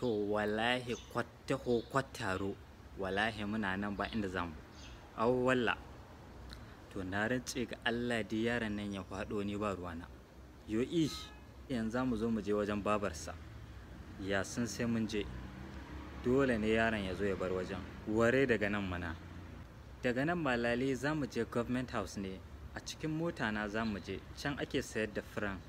to wallahi kwatta ko kwattaro wallahi muna nan ba inda zamu aw walla to na rance ga Allah da yaran nan ya faɗo ni ba ruwana yo i yanzu mu zo mu je wajen babarsa ya san sai mun je dole ne yaron ya zo ya bar wajen ware daga nan mana daga nan malali zamu je government house ne a cikin mota na zamu je can ake sayar da firan